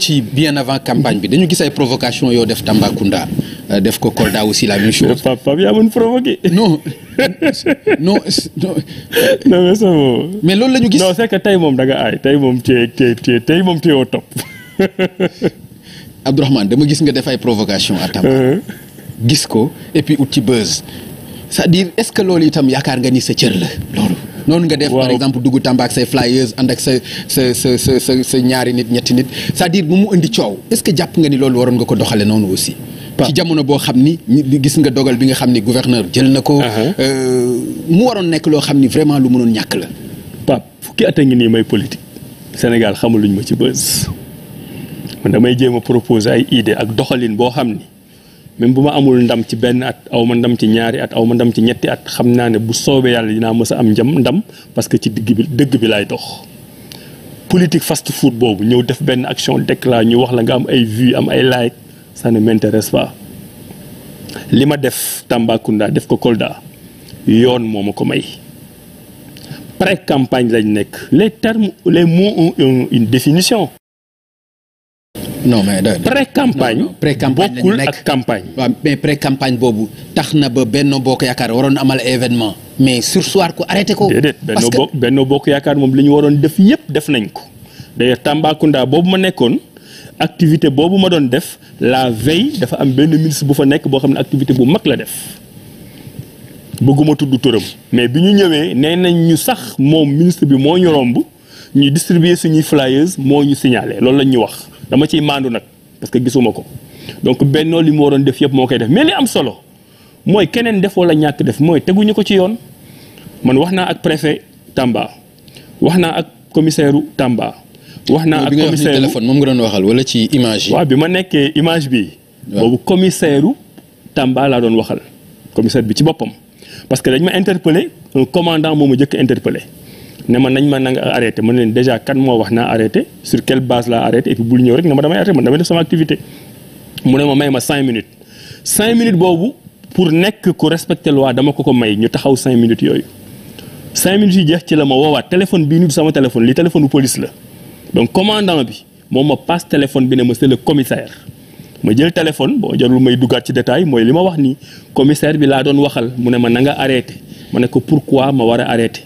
ci bien avant campagne bi dañu gis ay provocation yow def Tambacounda euh, def ko Kolda aussi la même chose. papa bi yaa mën provoqué. non non non. non mais ça mais loolu la ñu gis. non c'est tey moom da nga aay tey moom cee cee tey moom cee au top. Abdourahmane dama gis nga def ay provocation à Tamba. Uh-huh. gis ko et puis ut ci buzz. cest à est-ce que loolu itam yaakaar nga ni sa cër la noonu nga def par exemple dugg Tamba ak say flyers ak sa sa sa sa sa ñaari nit ñetti nit cest diir dire bu mu indi coow est-ce que jàpp nga ni loolu waroon nga ko doxale noonu aussi ci jamono boo xam ni gis nga dogal bi nga xam ni gouverneur jël na ko uh-huh. euh, mu waroon nekk loo xam ni vraiment lu mënoon ñàkk la Pape fukki at a ngi nii may politique Sénégal xamul luñ ma ci bës man damay jéem a proposer ay idée ak doxalin boo xam ni même bu ma amul ndam ci benn at aw ma ndam ci ñaari at aw ma ndam ci ñetti at xam naa ne bu soobee yàlla dinaa mës a am njam ndam parce que ci digg bi dëgg bi laay dox. politique fast food boobu ñëw def benn action déclare ñu wax la nga am ay vues am ay like ça ne m'intéresse pas li ma def Tambacounda def ko Kolda yoon moo ma ko may. pré-campagne lañ nekk les termes les mots ont une définition non mais pré campagne. pré campagne bokkul ak campagne. waaw mais pré campagne boobu tax na ba benn Bokk Yaakaar waroon amal événement mais sursoir ko arrêté ko. déedéet Benno Bokk Benno Bokk moom li ñu waroon def yëpp def nañ ko d'ailleurs Tambacounda boobu ma nekkoon. activité boobu ma doon def la veille dafa am benn ministre bu fa nekk boo xam ne activité bu mag la def bëgguma tudd turam mais bi ñu ñëwee nee nañ ñu sax moom ministre bi moo ñu romb ñu distribuer suñuy flyers moo ñu signalé loolu lañ ñu wax. dama ciy maandu nag parce que gisuma ko donc bennoo li mu waroon def yëpp moo koy def mais li am solo mooy keneen def la ñàkk def mooy teguñu ko ci yoon man wax naa ak préfet Tamba wax naa ak commissaire Tamba. wax naa ak commissaire téléphone moom nga doon waxal wala ci image yi. bi ma nekkee image bi. boobu commissaire Tamba laa doon waxal commissaire bi ci boppam parce que dañ ma interpellé un commandant moom ma njëkk a ne ma nañ ma na nga arrêté ma ne leen déjà kan moo wax naa arrêté sur quelle base laa arrêté ñëw rek ne ma damay arrêté man damay def mu ne ma may ma cinq minutes cinq boobu pour nekk ku respecté loi dama ko ko may ñu taxaw cinq minutes yooyu cinq minutes yi jeex ci la ma woowaat téléphone bii nii sama téléphone li téléphone bu la donc commandant bi moom ma passe téléphone bi ne ma c'est le commissaire ma jël téléphone bon jarul may duggaat ci détail mooy li ma wax nii commissaire bi laa doon waxal mu ne ma na nga arrêté ma ne ko pourquoi ma war a arrêté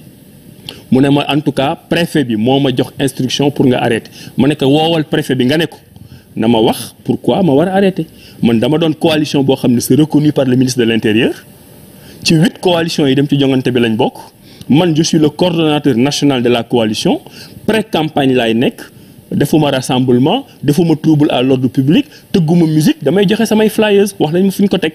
mu ne ma en tout cas préfet bi moo ma jox instruction pour nga arrêté ma ne ko woowal préfet bi nga ne ko na ma wax pourquoi ma war a arrêté man dama doon coalition boo xam ne c'est reconnu par le ministre de l'intérieur ci huit coalition yi dem ci jongante bi lañ bokk man je suis le coordonnateur national de la coalition pré-campagne laay nekk defuma rassemblement defuma trouble à l'ordre public tëgguma musique damay joxe samay flyers wax nañ ma fi ko teg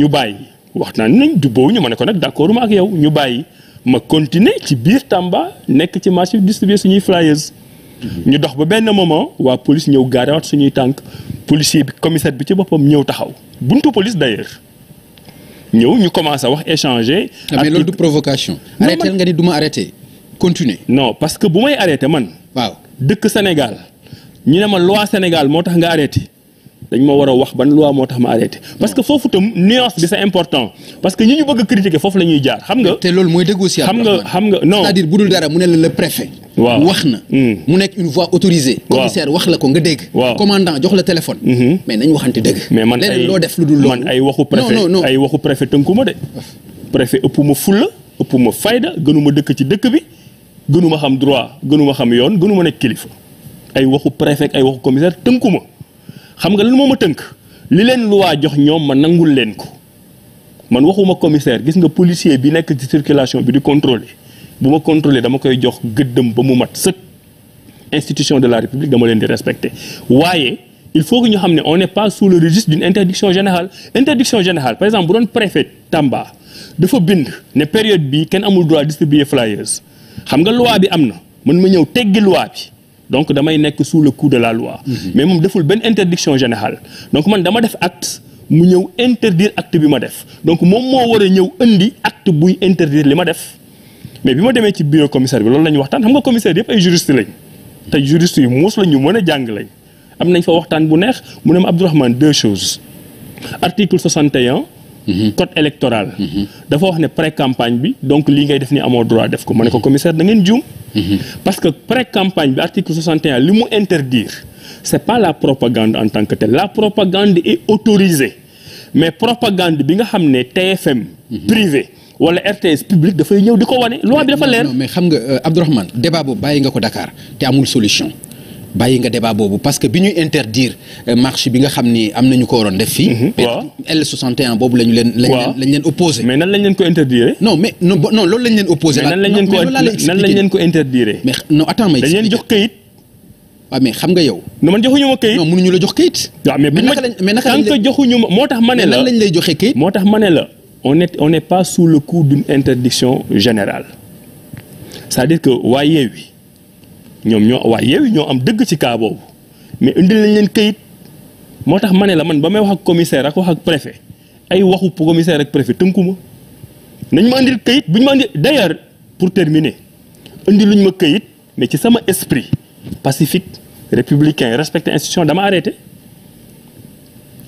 ñu bàyyi wax naa nañ du boobu ñu ma ne nag d'accord ma ak yow ñu bàyyi ma continuer ci biir Tamba nekk ci marché bi distribuer suñuy flyers. ñu dox ba benn moment waa police ñëw gaarewaat suñuy tànk policier bi commissaire bi ci boppam ñëw taxaw buntu police d'ailleurs ñëw ñu commencé wax échanger. Ah, mais loolu du provocation. arrêté nga ni du ma arrêté continuer. non parce que bu may arrêté man. waaw dëkk Sénégal ñu ne ma loi Sénégal moo tax nga arrêté. dañ ma war a wax ban loi moo tax ma arrêté parce que foofu tam nuance bi c'est important parce que ñi ñu bëgg a critiquer foofu la ñuy jaar xam nga. te loolu mooy dëgg aussi. xam nga xam nga non cest dara mu ne la le wax na. Hmm. mu nekk une voix autorisée. commissaire wax la ko nga dégg. waaw commandant jox la téléphone. Hmm. mais nañ waxante dëgg. mais man ay loo def lu dul loolu man ay waxu préfet ay waxu préfet ma de. préfet ëpp ma fulla ëpp ma fayda gënu ma dëkk ci dëkk bi gënuma xam droit gënuma xam yoon gënu ma nekk kilifa ay waxu préfet ay waxu commissaire tënku ma xam nga lan moo ma tënk li leen luwaa jox ñoom ma nangul leen ko man waxuma commissaire gis nga policier bi nekk ci circulation bi di contrôler bu ma contrôler dama koy jox gëddëm ba mu mat sëkk institution de la république dama leen di respecter waaye il faut que ñu xam ne on n'est pas sous le registre d'une interdiction général interdiction générale par exemple bu doon préfet Tamba dafa bind ne période bi kenn amul droit distribuer flyers xam nga loi bi am na man ma ñëw teggi loi donc damay nekk sous le coup de la loi mhm. mais moom deful benn interdiction général donc man dama def acte mu ñëw interdire acte bi ma def donc moom moo war a ñëw indi acte buy interdire li ma def mais bi ma demee ci bureau commissaire bi loolu la ñu waxtaan xam nga commissaire yëpp ay juriste lañ te juriste yi muus la ñu mën a jàng lañ am nañ fa waxtaan bu neex mu ne ma Abdourahmane deux choses article 61 Mhm. code électoral. Mhm. dafa wax ne pré campagne bi donc lii ngay def ni amoo droit def ko ma ne ko commissaire da ngeen juum. Mhm. parce que pré campagne bi article 61 li mu interdire. c' est pas la propagande en tant que telle la propagande est autorisée mais propagande bi nga xam ne TFM. privé. wala RTS public dafay ñëw di ko wane. loi bi dafa leer mais xam nga euh, Abdourahmane débat boobu bàyyi nga ko dakaar te amul solution. bàyyi nga débat boobu parce que bi ñuy interdire euh, marche bi nga xam ni am nañu ko waroon def fii mhm. L61 boobu lañu leen lañ leen lañ leen opposé mais nan lañ leen ko interdire non mais non loolu lañ leen opposé nan lañ leen ko nan lañ leen ko jox kayit waaw ah, mais xam nga yow non man joxuñu ma kayit non mënuñu la jox kayit waaw ah, mais mais naka lañ tant que joxuñu ma moo tax ma ne la nan lañ lay joxee kayit moo tax ma ne la on est on n'est pas sous le coup d'une interdiction générale cest dire que waa wi ñoom ñoo waaye yow ñoo am dëgg ci cas boobu mais indi nañ leen këyit moo tax ma ne la man ba may wax ak commissaire ak wax ak préfet ay waxu commissaire ak préfet tënku ma nañ ma indil këyit bu ñu ma indi d'ailleurs pour terminer indi luñ ma këyit mais ci sama esprit pacifique républicain respecté institution dama arrêté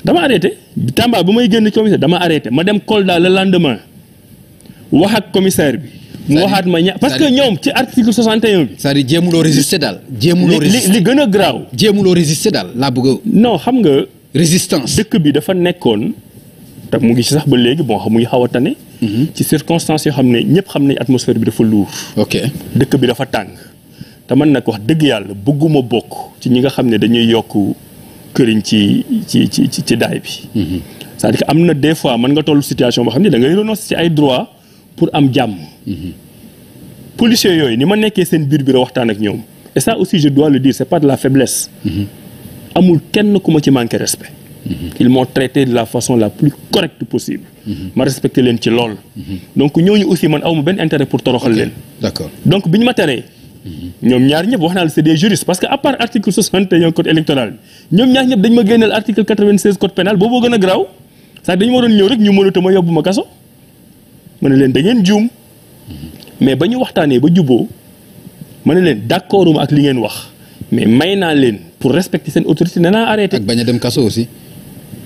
dama arrêté Tamba bu may génn commissaire dama arrêté ma dem Kolda le lendemain wax ak commissaire bi. mu waxaat ma ña parce que ñoom ci article 61 bi. c'est-à-dire jéemuloo résister daal. jéemuloo résister li gën a garaaw. jéemuloo résister daal laa bëgg a. xam nga. résistance dëkk bi dafa nekkoon. te mu ngi si sax ba léegi bon mu ngi xaw a tane. Mhm. ci circonstances yoo xam ne ñëpp xam nañ atmosphère bi dafa luur. ok dëkk bi dafa tàng. te man nag wax dëgg yàlla bëgguma bokk ci ñi nga xam ne dañuy yokk këriñ ci ci ci ci daay bi. Mhm. c'est-à-dire am na des fois mën nga toll situation boo xam ne da ngay renoncer ci ay droits. pour am jàmm. policiers yooyu ni ma nekkee seen biir biir waxtaan ak ñoom et ça aussi je dois le dire c' pas de la faiblesse. amul kenn ku ma ci manqué respect. ils m'ont traité de la façon la plus correcte possible. ma respecté leen ci lool. donc ñooñu aussi man awma benn intérêt pour toroxal leen. d'accord donc bi ñu ma teree. ñoom ñaar ñëpp wax naa la c'est des juristes parce que à part code électoral ñoom ñaar ñëpp dañ ma génneel article code pénal a garaaw sax rek ñu mënatu ma ma kaso. ma ne leen da ngeen juum mais ba ñu waxtaanee ba juboo ma ne leen d'accorduma ak li ngeen wax mais may naa leen pour respecter seen autorité nee naa arrêté. ak a dem kaso aussi.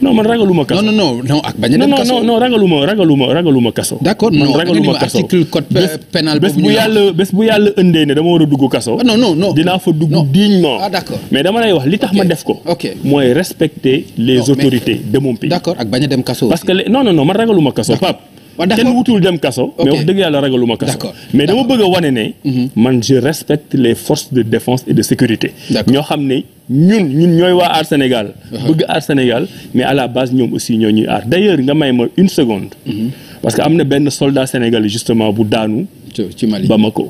non man ragaluma kaso non non bañ a dem kaso non non kaso. d'accord non ragaluma kaso article code bu yàlla bés bu ne dama war a dugg kaso. Ah, non non non dinaa ah, mais dama lay wax li tax ma def ko. ok mooy respecter les autorités de mon pays. d'accord a dem kaso. parce que non man ragaluma kaso Pape. kenn wutul dem kaso mais wax dëgg yàlla ragaluma kaso mais dama bëgg a wane ne mhm. Mhm. man je respecte les forces de défense et de sécurité ñoo xam ne ñun ñun ñooy waa aar Sénégal uh-huh. bëgg aar Sénégal mais à la base ñoom aussi ñoo ñuy aar d'ailleurs nga may ma une seconde mhm. parce que am na benn soldat sénégalais justement bu daanu ci Mali Bamako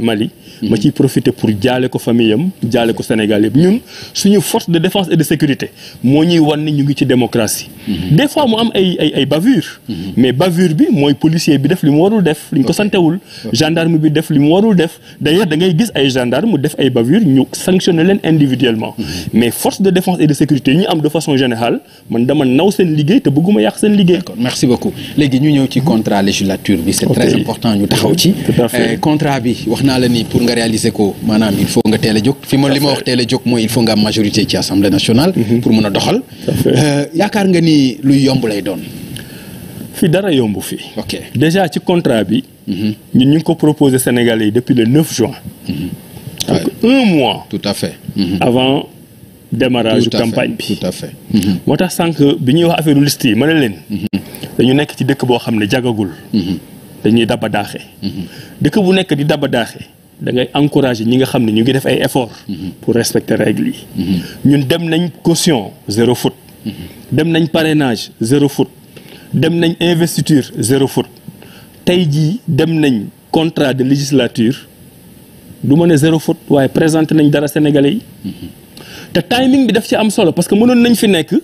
Mali ma ciy profité pour jaale ko famille am jaale ko Sénégal yëpp ñun suñu force de défense et de sécurité moo ñuy wan ne ñu ngi ci démocratie. Mhm. des fois mu am ay ay mhm. mais bavure bi mooy policier bi def li mu warul def. liñ ko santewul gendarme bi def li mu warul def d'ailleurs da ngay gis ay gendarme mu def ay bavure ñu sanctionné leen individuellement. Mhm. mais force de défense et de sécurité ñu am de façon général man dama naw seen liggéey te bëgguma yàq seen liggéey. d'accord merci beaucoup léegi ñu ñëw ci contrat législature bi. important ñu taxaw ci. nga réaliser ko maanaam il faut nga teel a jóg fi ma li ma wax teel jog mooy il faut nga am majorité ci assemblée nationale mhm. pour mën a doxal euh, yaakaar nga ni luy yomb lay doon fi dara yomb fii ok déjà ci contrat bi mhm. ñun ñu ngi ko proposé sénégal yi depuis le 9 juin mhm. donc mois tout à fait avant démarrage campagne bi tout moo tax sànq bi ñuy wax affaire liste yi ma ne leen dañu nekk ci dëkk boo xam ne jagagul dañuy daba daaxee dëkk bu nekk di daba daaxee da ngay encourager ñi nga xam ne ñu ngi def ay effort mhm. pour respecter règles yi mhm. ñun dem nañ caution zéro faute mhm. dem nañ parrainage zéro faute dem nañ investiture zéro faute tey jii dem nañ contrat de législature du ma ne zéro faute waaye présenté nañ dara sénégalais yi te timing bi def ci am solo parce que mënoon nañ fi nekk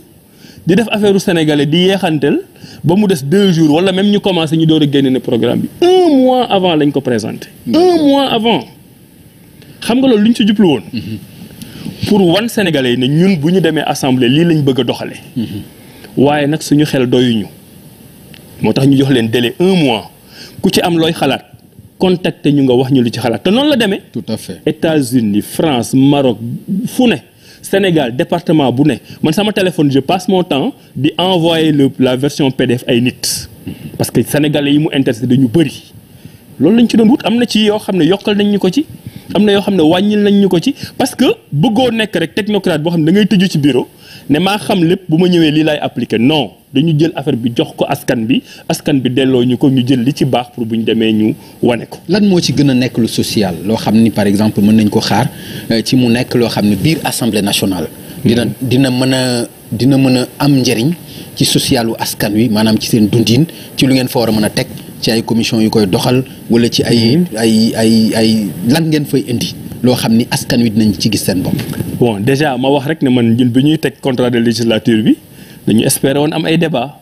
di def affaire sénégalais di yeexantel ba mu des deux jours wala même ñu commencé ñu door a génne ne programme bi un mois avant lañ ko présenté. un mois avant xam nga loolu li ñu ci jublu woon. Mhm. pour wan sénégalais yi ne ñun bu ñu demee assemblée lii lañ bëgg a doxalee. Mhm. waaye nag suñu xel doyuñu moo tax ñu jox leen délai un mois ku ci am looy xalaat. contacté ñu nga wax ñu lu ci xalaat te noonu la demee. tout à fait États-Unis France Maroc fu ne. Sénégal département bu ne man sama téléphone je passe mon temps di envoyé le la version PDF ay nit parce que sénégalais yi mu intéressé dañu bëri loolu lañ ci doon wut am na ci yoo xam ne yokkal nañ ñu ko ci am na yoo xam ne wàññil nañ ñu ko ci parce que bëggoo nekk rek technocrate boo xam ne da ngay tëju ci bureau. ne maa xam lépp bu ma ñëwee lii laay appliqué non dañu jël affaire bi jox ko askan bi askan bi delloo ñu ko ñu jël li ci baax pour bu ñu demee ñu wane ko. lan moo ci gën a nekk lu social loo xam ni par exemple mën nañ ko xaar euh, ci mu nekk loo xam ni biir assemblée nationale. dina mm-hmm. dina mën a dina mën a am njëriñ ci socialu askan wi maanaam ci seen dundin ci lu ngeen fa war a mën a teg ci ay commission yu koy doxal wala ci ay mm-hmm. ay ay ay lan ngeen fay indi. loo xam ni askan wi dinañ ci gis seen bopp. bon déjà ma wax rek ne man ñun bi ñuy teg contrat de législature bi dañu espérer woon am ay débat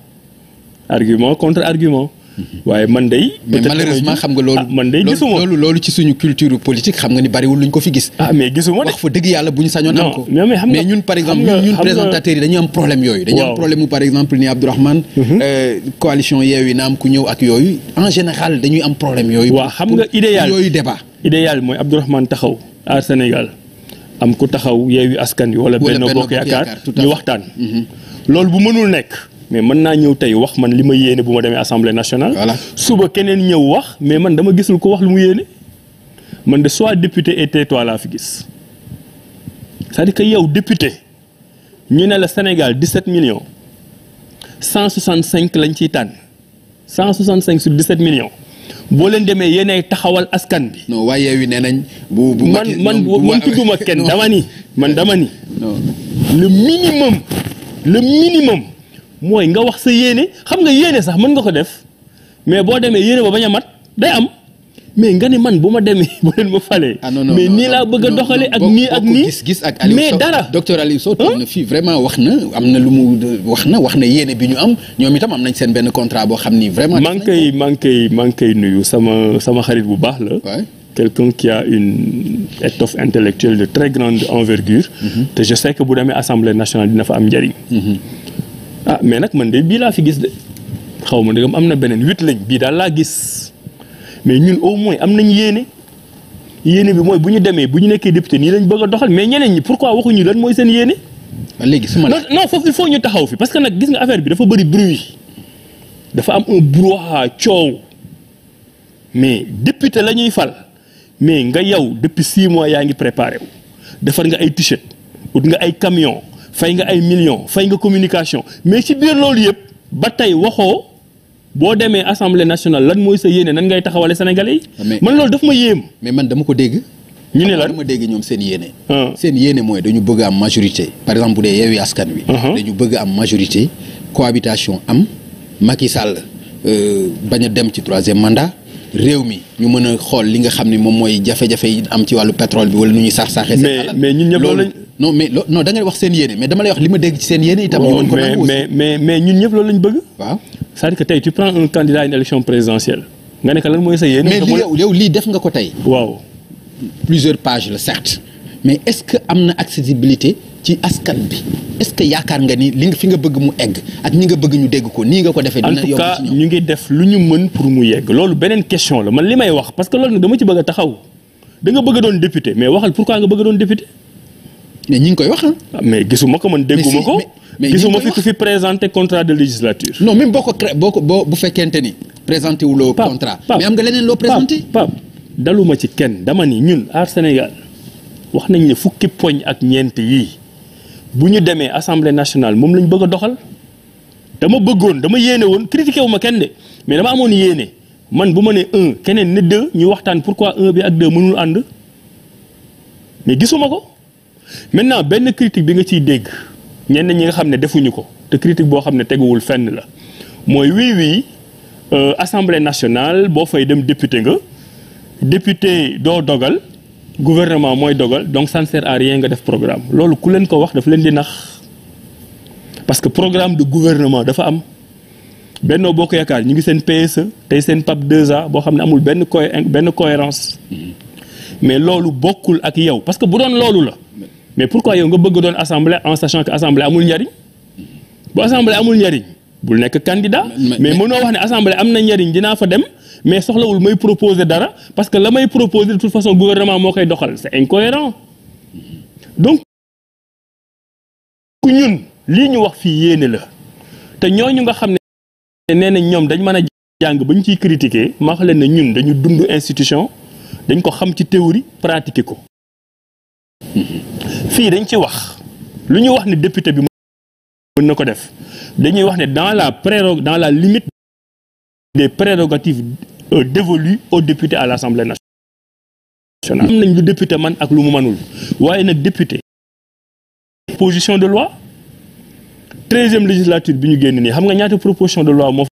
argument contre argument. Mhm. waaye man day. mais malheureusement xam nga ah, loolu. loolu ci suñu culture politique xam nga ni bariwul luñ ko fi gis. Ah, mais gisuma de wax fa dëgg yàlla bu ñu sañoon. am ko mais ñun par exemple ñun présentateurs yi dañuy am problème yooyu. dañuy am problème par exemple ni Abdourahmane. Mhm. Euh, coalition Yewwi na am ku ñëw ak yooyu. en général dañuy am problème yooyu. waaw xam nga idéal yooyu débat. idéal mooy Abdourahmane taxaw. Aar Sénégal am ku taxaw Yewwi Askan Wi wala Benno Bokk Yaakaar ñu waxtaan mhm. loolu bu mënul nekk mais mën naa ñëw tey wax man li ma yéene bu ma demee assemblée nationale suba keneen ñëw wax mais man dama gisul ko wax lu mu yéene man de soit député et tais-toi laa fi gis cest di dire que yow député ñu ne la Sénégal 17 millions 165 lañ ciy tànn 165 sur 17 millions boo leen demee yéenay taxawal askan bi. waaye wi nee nañ. bu man man man tudduma kenn dama ni man dama ni. le minimum. le minimum. mooy nga wax sa yéene xam nga yéene sax mën nga ko def mais boo demee yéene ba bañ a mat day am. mais nga ne man bu ma demee bu leen ma falee. ah non non mais nii laa bëgg doxalee ak nii ak nii gis-gis mais dara docteur Aliou Sow toog na fii vraiment wax na am na lu mu wax na wax na yéene bi ñu am ñoom itam am nañ seen benn contrat boo xam ni vraiment. maa ngi koy maa koy maa ngi koy nuyu sama sama xarit bu baax la. quelqu'un qui a une étoffe intellectuelle de très grande envergure. Mm-hmm. te je sais que bu demee assemblée nationale dina fa am njariñ. Mm-hmm. ah mais nag man de bii laa fi gis de xaw ma ndegam am na beneen huit lañ bii daal laa gis. mais ñun au moins am nañ yéene yéene bi mooy bu ñu demee bu ñu nekkee député nii lañ bëgg a doxal mais ñeneen ñi pourquoi waxuñu lan mooy seen yéene. léegi su ma non non foofu il faut ñu taxaw fi parce que nag gis nga affaire bi dafa bëri bruit dafa am un brouhaha coow mais député la ñuy fal mais nga yow depuis six mois yaa ngi préparé wu defar nga ay t-shirt ut nga ay camion fay nga ay millions fay nga communication mais ci biir loolu yëpp ba tey waxoo. boo demee assemblée nationale lan mooy sa yéene nan ngay taxawale sénégalais yi. Ah, man loolu daf ma yéem. mais man dama ko dégg. ñu ne lan dama dégg ñoom seen yéene. Ah. seen yéene mooy dañu bëgg am majorité. par exemple bu dee yeewi askan wi. Ah, dañu bëgg am majorité cohabitation am Macky Sall euh, bañ a dem ci troisième mandat. réew mi ñu mën a xool li nga xam ni moom mooy jafe-jafe yi am ci wàllu pétrole bi wala nu ñuy sax saxee. seen alal mais mais ñun ñëpp loolu lañ. non mais non da ngay wax seen yéene mais dama lay wax li ma dégg ci seen oh, ñu mën ko lañ bëgg. waaw c'est-à-dire tey tu prends un candidat à une élection présidentielle nga ne ko lan mooy sa yéen. mais li yow lii def nga ko tey. waaw plusieurs pages la certes mais est-ce que am na accessibilité ci askan bi est-ce que yaakaar nga ni li nga fi nga bëgg mu egg ak ñi nga bëgg ñu dégg ko nii nga ko defee. dina yomb ci ñu ngi def lu ñu mën pour mu yegg loolu beneen question la man li may wax parce que loolu nag dama ci bëgg taxaw da nga bëgg a doon député mais waxal pourquoi nga bëgg doon député. mais ñi ngi koy wax ah, mais gisuma ko man dégguma ko. gisuma fi ku fi présenté contrat de législature. non même boo ko crée bu fekkente ni. présenté wu loo contrat. mais am nga leneen loo présenté. Pape daluma ci kenn dama ni ñun aar Sénégal wax nañ ne fukki poñ ak ñeent yii bu ñu demee assemblée nationale moom lañ bëgg a doxal dama bëggoon dama yéene woon critiqué wu ma kenn de mais dama amoon yéene man bu ma ne un keneen ne deux ñu waxtaan pourquoi un bi ak deux mënul ànd mais gisuma ko maintenant benn critique bi nga ciy dégg. ñenn ñi nga xam ne defuñu ko te critique boo xam ne teguwul fenn la mooy wii wii euh, assemblée nationale boo fay dem député nga député doo dogal gouvernement mooy dogal donc ça ne sert nga def programme loolu ku leen ko wax dafa leen di nax parce que programme du gouvernement dafa am benn boo ko Yaakaar ñu ngi seen PSE tey seen PAP 2A boo xam ne amul benn co benn cohérence mm. mais loolu bokkul ak yow parce que bu doon loolu la mais pourquoi yow nga bëgg doon assemblée en sachant que assemblée amul njariñ bu assemblée amul njariñ bul nekk candidat. mais mënoo wax ne assemblée am na njariñ dina fa dem. mais soxlawul may proposer dara parce que la may proposer de toute façon gouvernement moo koy doxal c'est incohérent donc ku ñun lii ñu wax fii yéene la te ñoo ñu nga xam ne nee na ñoom dañ mën a jàng ba ñu ciy critiquer ma wax leen ne ñun dañu dund institution dañ ko xam ci théorie pratiquer ko fii dañ ci wax lu ñu wax ne député bi mën na ko def dañuy wax ne dans la prérog dans la limite des prérogatives euh, dévolues aux députés à l'Assemblée nationale am nañ lu député man ak lu mu manul waaye nag député proposition de loi treizième législature bi ñu génn nii xam nga ñaata proposition de loi moo